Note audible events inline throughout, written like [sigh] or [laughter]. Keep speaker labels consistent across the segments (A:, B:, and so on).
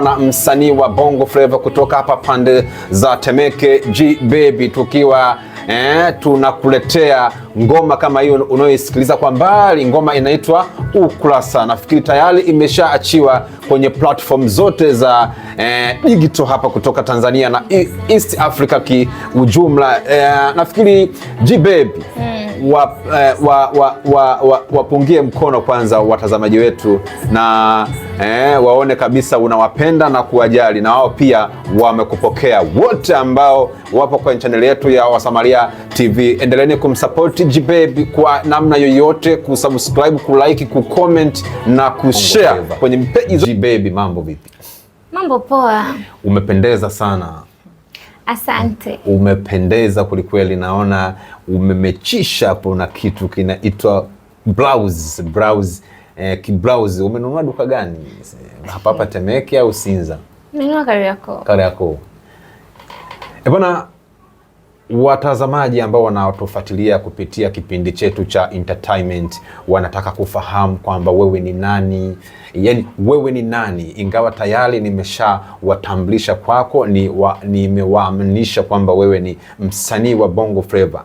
A: na msanii wa Bongo Flava kutoka hapa pande za Temeke G Baby, tukiwa eh, tunakuletea ngoma kama hiyo unayoisikiliza kwa mbali, ngoma inaitwa Ukurasa. Nafikiri tayari imeshaachiwa kwenye platform zote za eh, digital hapa kutoka Tanzania na e-, East Africa kiujumla. Eh, nafikiri G-Baby hmm. wa, wapungie eh, wa, wa, wa, wa mkono kwanza watazamaji wetu na eh, waone kabisa unawapenda na kuwajali na wao pia wamekupokea. Wote ambao wapo kwenye chaneli yetu ya Wasamaria TV, endeleeni kumsupport Jibabe kwa namna yoyote, kusubscribe, kulike, kucomment na kushare kwenye mpeji za Jibabe. Mambo vipi?
B: Mambo poa.
A: Umependeza sana.
B: Asante.
A: Umependeza kwelikweli, naona umemechisha hapo na kitu kinaitwa blouse. Blouse eh, kiblause umenunua duka gani? Hapa eh, hapa Temeke au Sinza?
B: Nimenunua Kariakoo.
A: Kariakoo. Eh, bwana watazamaji ambao wanatufuatilia kupitia kipindi chetu cha entertainment wanataka kufahamu kwamba wewe ni nani, yani wewe ni nani, ingawa tayari nimeshawatambulisha kwako, nimewaaminisha ni kwamba wewe ni msanii wa Bongo Flava.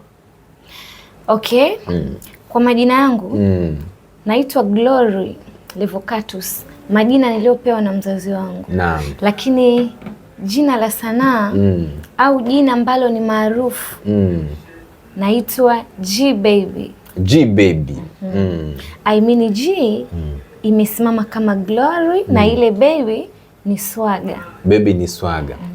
B: Okay. Mm. Kwa majina yangu mm. naitwa Glory Levocatus, majina niliyopewa na mzazi wangu. Naam. Lakini jina la sanaa mm. au jina ambalo ni maarufu mm. naitwa G Baby.
A: G Baby.
B: Mm. Mm. I mean G mm. imesimama kama glory mm. na ile baby ni swaga.
A: Baby ni swaga mm.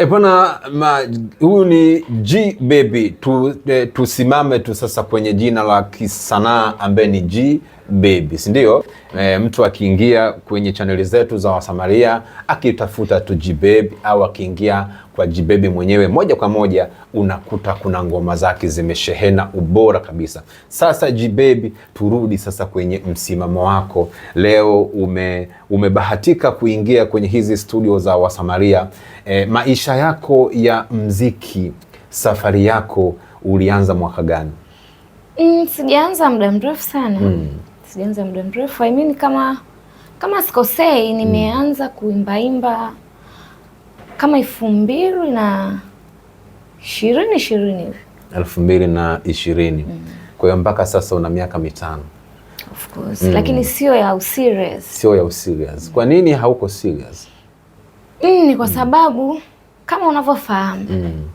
A: Epana, eh, huyu ni G Baby tu, eh, tusimame tu sasa kwenye jina la kisanaa ambaye ni G baby, si ndio? E, mtu akiingia kwenye chaneli zetu za Wasamaria akitafuta tu Jibebi au akiingia kwa Jibebi mwenyewe moja kwa moja unakuta kuna ngoma zake zimeshehena ubora kabisa. Sasa Jibebi, turudi sasa kwenye msimamo wako leo. Ume, umebahatika kuingia kwenye hizi studio za Wasamaria. E, maisha yako ya mziki, safari yako ulianza mwaka gani?
B: Mm, sijaanza muda mrefu sana mm sijaanza muda mrefu. I mean kama kama sikosei nimeanza kuimbaimba kama elfu mbili na ishirini ishirini hivi
A: elfu mbili na ishirini mm. Kwa hiyo mpaka sasa una miaka mitano
B: of course mm. Lakini sio ya userious,
A: sio ya userious. Kwa nini hauko serious?
B: Mm, ni kwa sababu mm. kama unavyofahamu mm.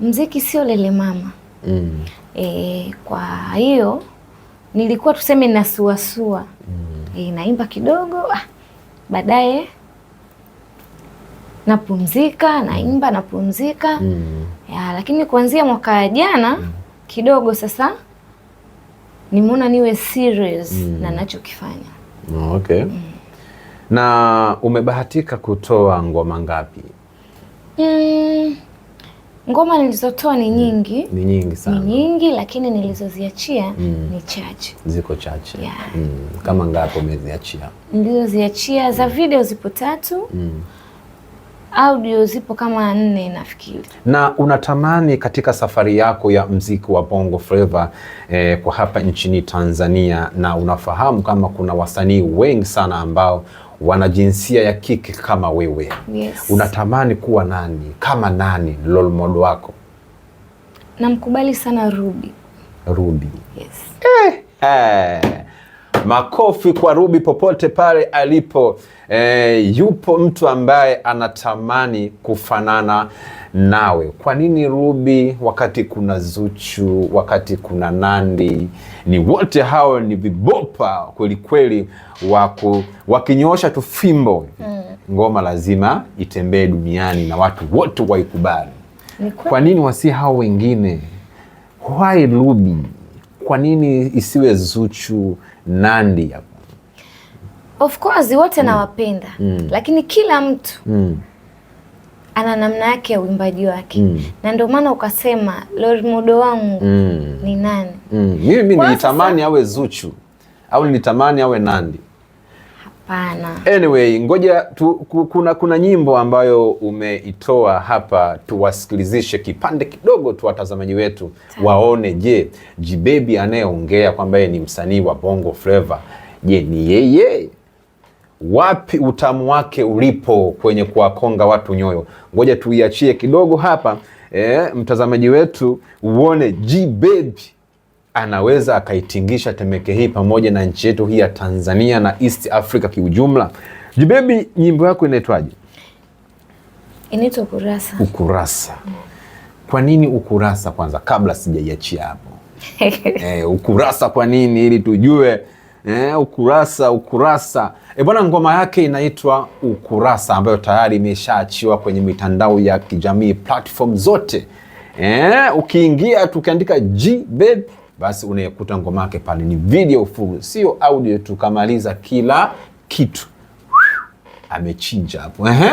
B: mziki sio lele mama mm. E, kwa hiyo nilikuwa tuseme nasuasua mm. E, naimba kidogo ah, baadaye napumzika naimba napumzika mm. ya, lakini kuanzia mwaka jana mm. kidogo sasa nimeona niwe serious mm. na nachokifanya.
A: Okay. Mm. Na umebahatika kutoa ngoma ngapi?
B: mm. Ngoma nilizotoa ni mm. nyingi,
A: ni nyingi sana, ni
B: nyingi lakini nilizoziachia mm. ni chache,
A: ziko chache yeah. mm. kama ngapi umeziachia?
B: Nilizoziachia za mm. video zipo tatu mm. audio zipo kama nne nafikiri.
A: Na unatamani katika safari yako ya mziki wa Bongo Flava eh, kwa hapa nchini Tanzania, na unafahamu kama kuna wasanii wengi sana ambao wana jinsia ya kike kama wewe yes. Unatamani kuwa nani kama nani role model wako?
B: Namkubali sana Ruby. Ruby. Yes.
A: Eh, eh. Makofi kwa Ruby popote pale alipo. Eh, yupo mtu ambaye anatamani kufanana nawe. Kwa nini Ruby wakati kuna Zuchu, wakati kuna Nandi? Ni wote hao ni vibopa kwelikweli, wako wakinyoosha tu fimbo mm. ngoma lazima itembee duniani na watu wote waikubali. Kwa nini wasi hao wengine? Why Ruby? Kwa nini isiwe Zuchu, Nandi?
B: Of course wote mm. nawapenda mm. lakini kila mtu mm ana namna yake ya uimbaji wake mm. na ndio maana ukasema Lord model wangu mm. ni nani?
A: mm. mimi nilitamani awe Zuchu au nilitamani awe Nandi?
B: Hapana.
A: Anyway, ngoja tu, kuna, kuna nyimbo ambayo umeitoa hapa, tuwasikilizishe kipande kidogo tu watazamaji wetu Tana. waone, je Jibebi anayeongea kwamba yeye ni msanii wa Bongo Flava, je ni yeye? wapi utamu wake ulipo kwenye kuwakonga watu nyoyo. Ngoja tuiachie kidogo hapa e, mtazamaji wetu uone G Baby anaweza akaitingisha Temeke hii pamoja na nchi yetu hii ya Tanzania na East Africa kiujumla. G Baby, nyimbo yako inaitwaje?
B: Inaitwa Ukurasa.
A: Ukurasa. Kwa nini ukurasa kwanza kabla sijaiachia hapo? [laughs] E, ukurasa kwa nini ili tujue eh, ukurasa ukurasa. E bwana, ngoma yake inaitwa Ukurasa ambayo tayari imeshaachiwa kwenye mitandao ya kijamii platform zote. Eh, ukiingia tukiandika G babe basi unayekuta ngoma yake pale, ni video full, sio audio tu. Kamaliza kila kitu amechinja hapo. Ehe,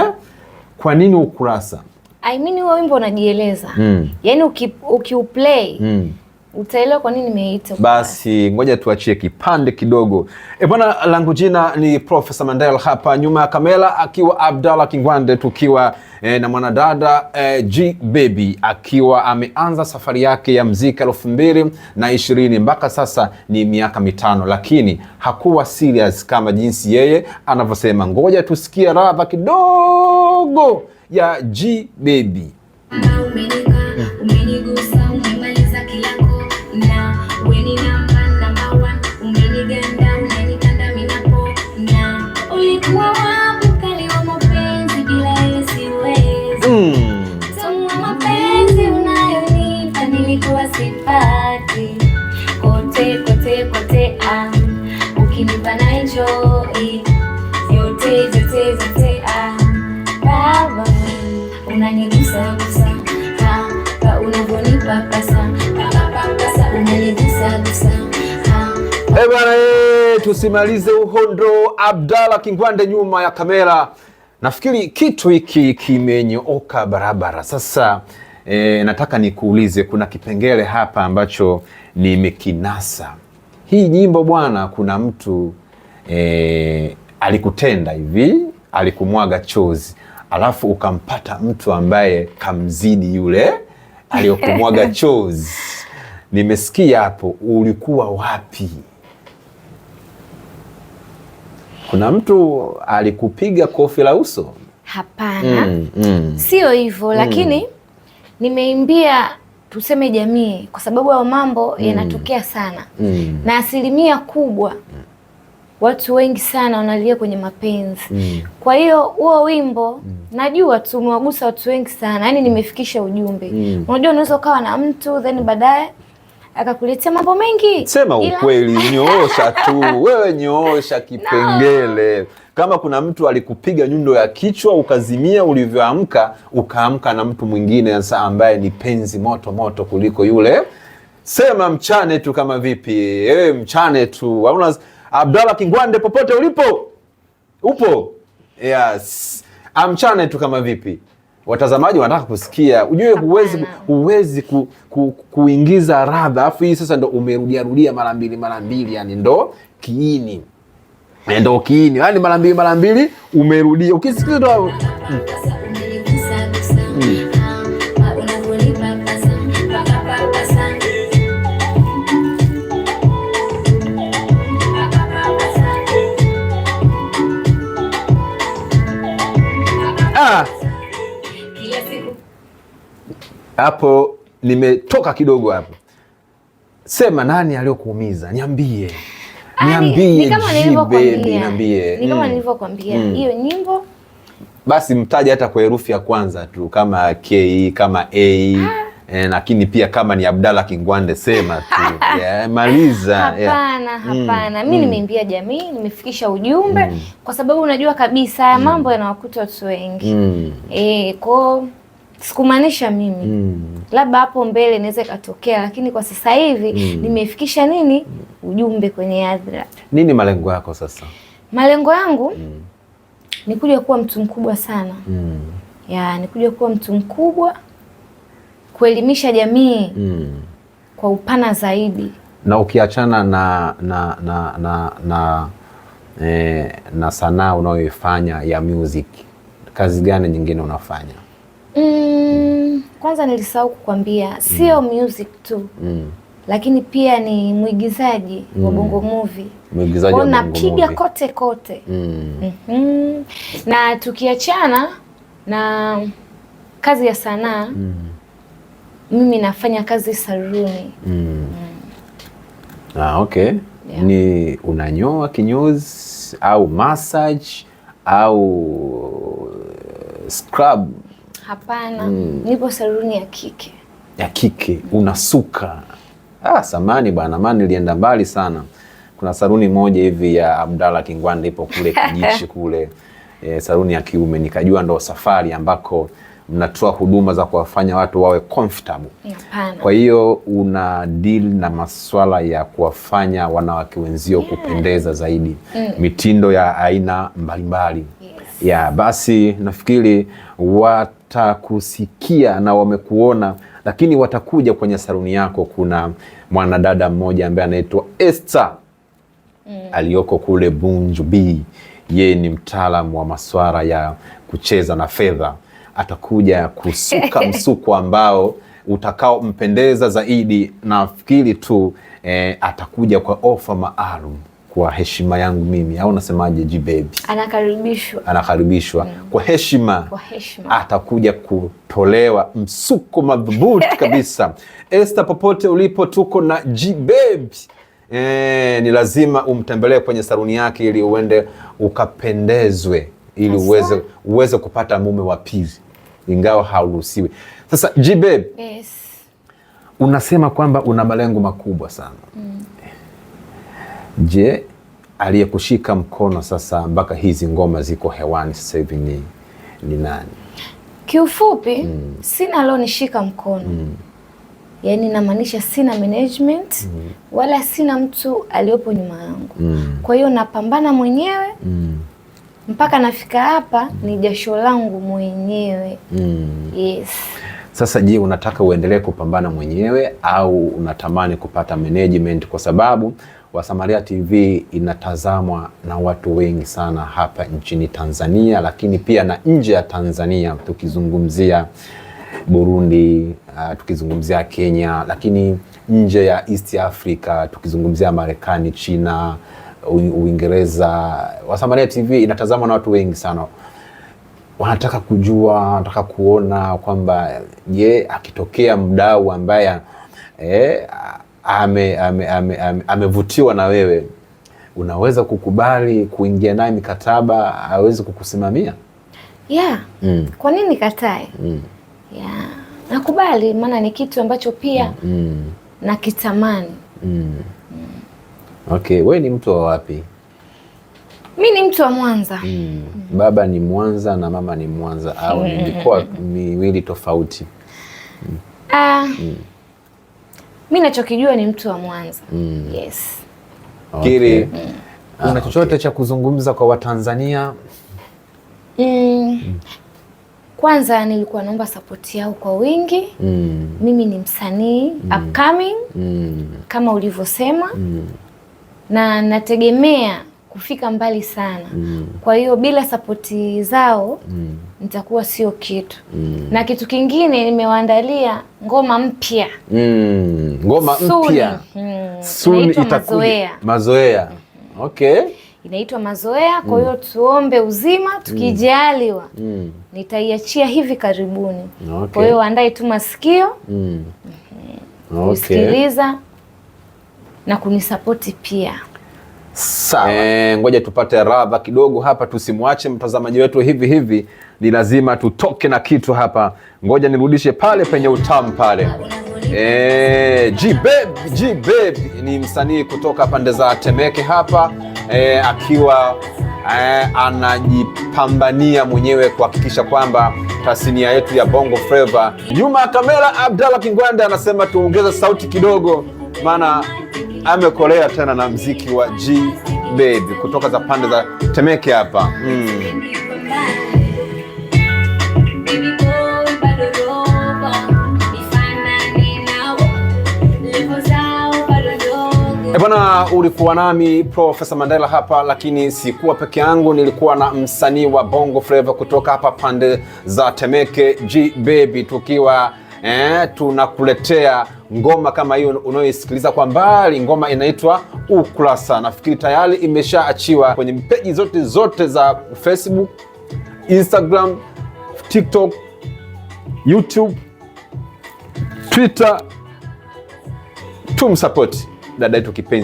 A: kwa nini Ukurasa?
B: I mean, huo wimbo unajieleza mm. Yaani ukiuplay uki hmm. Utaelewa kwa nini nimeita.
A: Basi ngoja tuachie kipande kidogo. E bwana, langu jina ni Profesa Mandela, hapa nyuma ya kamera akiwa Abdalla Kingwande, tukiwa e, na mwanadada e, G Baby akiwa ameanza safari yake ya mziki elfu mbili na ishirini mpaka sasa ni miaka mitano, lakini hakuwa serious kama jinsi yeye anavyosema. Ngoja tusikie radha kidogo ya G Baby.
C: kote kote kote, ah, ukinipa na enjoy yote yote yote, ah, baba unanigusa gusa, ha pasa pasa, unanigusa gusa, ha
A: ah. eh, bwana, eh, tusimalize uhondo. Abdalla Kingwande nyuma ya kamera, nafikiri kitu hiki kimenyooka barabara sasa e, nataka nikuulize, kuna kipengele hapa ambacho nimekinasa. Hii nyimbo bwana, kuna mtu e, alikutenda hivi, alikumwaga chozi, alafu ukampata mtu ambaye kamzidi yule aliyokumwaga [laughs] chozi. Nimesikia hapo, ulikuwa wapi? Kuna mtu alikupiga kofi la uso?
B: Hapana, mm, mm. Sio hivyo, lakini mm nimeimbia tuseme jamii, kwa sababu ya mambo mm. yanatokea sana mm. na asilimia kubwa watu wengi sana wanalia kwenye mapenzi mm. kwa hiyo huo wimbo mm. najua tumewagusa watu wengi sana, yani nimefikisha ujumbe mm. Unajua, unaweza ukawa na mtu then baadaye akakuletea mambo mengi.
A: Sema ukweli, [laughs] nyoosha tu wewe, nyoosha kipengele no. Kama kuna mtu alikupiga nyundo ya kichwa ukazimia, ulivyoamka ukaamka na mtu mwingine hasa ambaye ni penzi moto moto kuliko yule, sema mchane tu kama vipi? E, mchane tu hauna. Abdalla Kingwande, popote ulipo, upo yes, amchane ah, tu kama vipi? watazamaji wanataka kusikia, ujue huwezi huwezi ku, ku, kuingiza radha, afu hii sasa ndo umerudiarudia mara mbili mara mbili, yani ndo kiini ndo kiini, yani mara mbili mara mbili umerudia, ukisikiza ndo hapo nimetoka kidogo hapo. Sema nani aliyokuumiza, niambie
B: ah, niambie, niambie. Ni kama mm. nilivyokuambia mm. hiyo nyimbo
A: basi, mtaje hata kwa herufi ya kwanza tu, kama K kama A ah. eh, lakini pia kama ni Abdalla Kingwande sema tu [laughs] yeah, maliza. Hapana,
B: yeah. Mm. Hapana, mi nimeimbia jamii, nimefikisha ujumbe mm. kwa sababu unajua kabisa mm. mambo yanawakuta watu wengi mm. e, eh, ko sikumaanisha mimi mm. labda hapo mbele inaweza ikatokea, lakini kwa sasa hivi mm. nimefikisha nini ujumbe kwenye hadhira.
A: Nini malengo yako sasa?
B: Malengo yangu mm. ni kuja kuwa mtu mkubwa sana mm. ya ni kuja kuwa mtu mkubwa kuelimisha jamii mm. kwa upana zaidi,
A: na ukiachana na na na na, na, eh, na sanaa unayoifanya ya music, kazi gani nyingine unafanya?
B: Mm, kwanza nilisahau kukwambia sio mm. music tu mm. Lakini pia ni mwigizaji mm. wa Bongo Movie,
A: mwigizaji wa napiga
B: kote kote mm. Mm -hmm. Na tukiachana na kazi ya sanaa mm. Mimi nafanya kazi saluni
A: mm. mm. Ah, okay yeah. Ni unanyoa kinyozi au massage au eh, scrub
B: Hapana, mm. Nipo saluni ya kike.
A: Ya kike unasuka? Ah, samani bwana maana nilienda mbali sana. Kuna saluni moja hivi ya Abdalla Kingwanda ipo kule [laughs] Kijichi kule, e, saluni ya kiume, nikajua ndo safari ambako mnatoa huduma za kuwafanya watu wawe comfortable. Kwa hiyo una deal na maswala ya kuwafanya wanawake wenzio yeah. kupendeza zaidi mm. mitindo ya aina mbalimbali yes. Yeah, basi, nafikiri watakusikia na wamekuona, lakini watakuja kwenye saluni yako. Kuna mwanadada mmoja ambaye anaitwa Esther mm. aliyoko kule Bunju B, yeye ni mtaalamu wa maswala ya kucheza na fedha atakuja kusuka [laughs] msuko ambao utakaompendeza zaidi. Nafikiri tu eh, atakuja kwa ofa maalum kwa heshima yangu mimi, au nasemaje? Jibebi
B: anakaribishwa,
A: anakaribishwa mm. kwa heshima, kwa heshima atakuja kutolewa msuko madhubuti [laughs] kabisa. Esta, popote ulipo, tuko na Jibebi. E, ni lazima umtembelee kwenye saluni yake ili uende ukapendezwe, ili uweze, uweze kupata mume wa pili ingawa hauruhusiwi. Sasa Jibe, yes. Unasema kwamba una malengo makubwa sana mm. Je, aliyekushika mkono sasa mpaka hizi ngoma ziko hewani sasa hivi ni, ni nani?
B: Kiufupi mm. sina alionishika mkono mm. Yaani namaanisha sina management mm. wala sina mtu aliyopo nyuma yangu mm. Kwa hiyo napambana mwenyewe mm mpaka nafika hapa ni jasho langu mwenyewe mm. Yes.
A: Sasa je, unataka uendelee kupambana mwenyewe au unatamani kupata management? Kwa sababu Wasamaria TV inatazamwa na watu wengi sana hapa nchini Tanzania, lakini pia na nje ya Tanzania, tukizungumzia Burundi, uh, tukizungumzia Kenya, lakini nje ya East Africa, tukizungumzia Marekani, China Uingereza. Wasamaria TV inatazamwa na watu wengi sana, wanataka kujua, wanataka kuona kwamba je, akitokea mdau ambaye eh, amevutiwa ame, ame, ame, ame na wewe unaweza kukubali kuingia naye mikataba, awezi kukusimamia?
B: Yeah. Mm. Kwa nini katae? Mm. Yeah. Nakubali, maana ni kitu ambacho pia mm. nakitamani
A: mm. Okay, wewe ni mtu wa wapi?
B: Mi ni mtu wa Mwanza. mm.
A: Mm. Baba ni Mwanza na mama ni Mwanza au ni mikoa miwili tofauti?
B: Ah, mm. Uh, mm. Mi nachokijua ni mtu wa Mwanza. mm. Yes.
A: Okay. Kiri, mm. ah, ah una chochote okay. cha kuzungumza kwa Watanzania?
B: mm. mm. Kwanza nilikuwa naomba sapoti yao kwa wingi. mm. Mimi ni msanii mm. upcoming mm. kama ulivyosema mm na nategemea kufika mbali sana mm. Kwa hiyo bila sapoti zao mm. nitakuwa sio kitu mm. na kitu kingine nimewaandalia ngoma mpya
A: mm. ngoma mpya
B: mm. Mazoea,
A: Mazoea. Okay.
B: Inaitwa Mazoea. Kwa hiyo mm. tuombe uzima, mm. tukijaliwa mm. nitaiachia hivi karibuni. Okay. Kwa hiyo waandae tu masikio mm. okay. Mm-hmm. Usikiliza na kunisapoti pia.
A: Sawa. E, ngoja tupate radha kidogo hapa, tusimwache mtazamaji wetu hivi hivi, ni lazima tutoke na kitu hapa. Ngoja nirudishe pale penye utamu pale. E, G-Babe, G-Babe ni msanii kutoka pande za Temeke hapa e, akiwa e, anajipambania mwenyewe kuhakikisha kwamba tasnia yetu ya Bongo Flava. Nyuma ya kamera Abdalla Kingwanda anasema tuongeze sauti kidogo, maana amekolea tena na mziki wa G Baby kutoka za pande za Temeke hapa mm. Ebwana, eh, ulikuwa nami Profesa Mandela hapa, lakini sikuwa peke yangu, nilikuwa na msanii wa Bongo Flava kutoka hapa pande za Temeke G Baby, tukiwa eh, tunakuletea ngoma kama hiyo unayoisikiliza kwa mbali, ngoma inaitwa Ukurasa. Nafikiri tayari imeshaachiwa kwenye peji zote zote za Facebook, Instagram, TikTok, YouTube, Twitter. Tumsapoti dada yetu kipenzi.